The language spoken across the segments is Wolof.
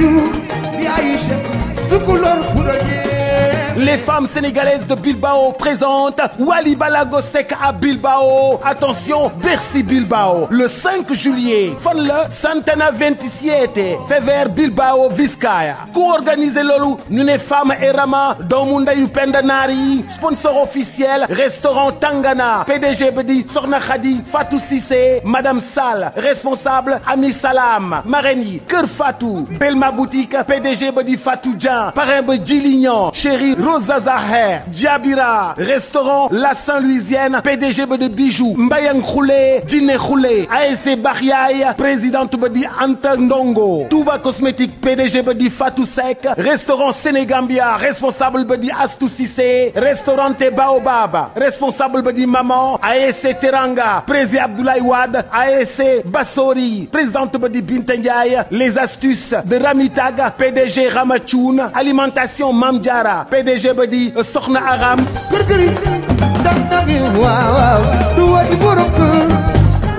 jour bi ay chef tukulóor Les femmes sénégalaises de Bilbao présentent Wally Balago Seck à Bilbao. Attention, Bercy Bilbao. Le 5 juillet, fan la Santana 27 Fever Bilbao Vizcaya. Co-organisé loolu ñu ne Fama et Rama doomu ndeyu Penda Naar sponsor officiel restaurant Tangana PDG bi di Soxna Khady Fatou Cissé Madame Sall responsable Ami Salam marraine yi Kër Belma boutique PDG ba di Fatou Dia parrain ba Djilignon Rosa Zaher restaurant La Saint-Louisienne PDG ba di Bijou Mbayang Khoulé Dine Khoulé ASC Bakhyaay présidente ba di Anta Ndongo Touba Cosmétique PDG ba di Fatou Seck restaurant Sénégambia responsable ba di Astou Cissé restaurant Te Baobab responsable ba di Maman ASC Teranga président Abdoulaye Wade ASC Bassori présidente ba di Binta les astuces de Ramitag PDG Ramathoun alimentation Mam DG ba di euh, soxna Aram kër-këri dag dagi waaw waaw du wadi borom kër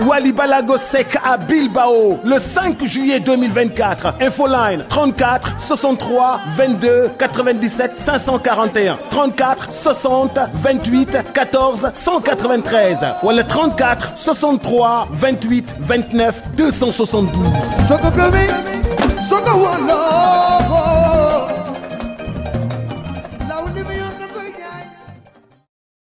Wally Balago Seck à Bilbao le 5 juillet 2024 infoline 34 63 22 97 541 34 60 28 14 193 wala 34 63 28 29 272.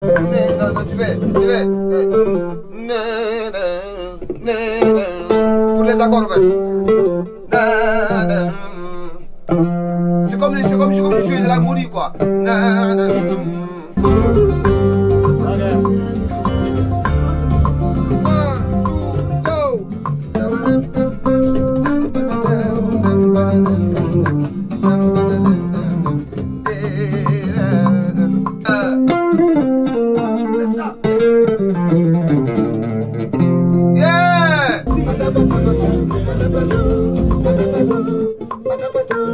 네, 나, 나, duvet, duvet. 네, 네, 네, 네. Tous les accords, en fait. Na, na. C'est comme, c'est comme, c'est comme jouer de l'harmonie, quoi. Na, na. Thank you.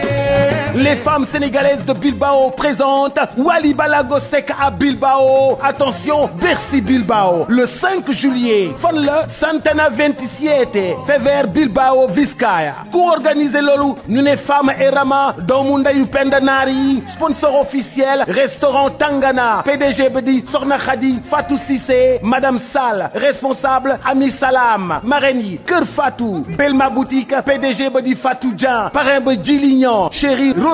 Les femmes sénégalaises de Bilbao présentent Wally Balago Seck à Bilbao. Attention, Bercy Bilbao le 5 juillet. Fan la Santana 27 Fever Bilbao Vizcaya. co lolu loolu ñu ne Femme et Rama doomu ndeyu Penda Naar yi sponsor officiel restaurant Tangana PDG bi di Soxna Khady Fatou Cissé Madame Sall responsable Ami Salam marraine yi Kër Belma boutique PDG ba di Fatou Dian parrain ba Djilignan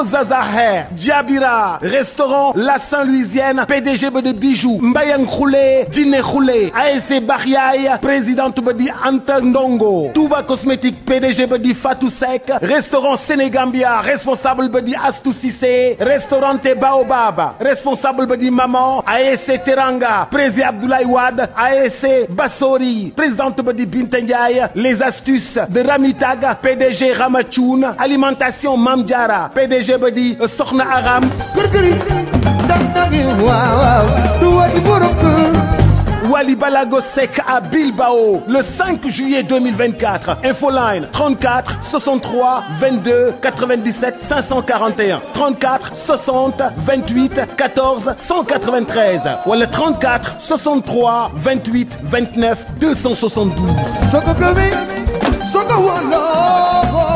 Zazahère Diabira restaurant La Saint-Louisienne PDG ba di Bijou Mbayang Khoulé Dine Khoulé ASC Bakhyaay présidente ba di Anta Ndongo Touba Cosmétique PDG ba di Fatou Seck restaurant Sénégambia responsable ba di Astou Cissé restaurant Baobab responsable ba di Maman ASC Teranga président Abdoulaye Wade ASC Bassori présidente ba di Binta Ndiaye les astuces de Ramitag PDG Ramathoun alimentation Mam DG ba euh, soxna Aram. kër kër yi waaw waaw du wati borom kër. Wally Balago Seck à Bilbao le 5 juillet 2024 infoline 34 63 22 97 541 34 60 28 14 193 wala 34 63 28 29 272.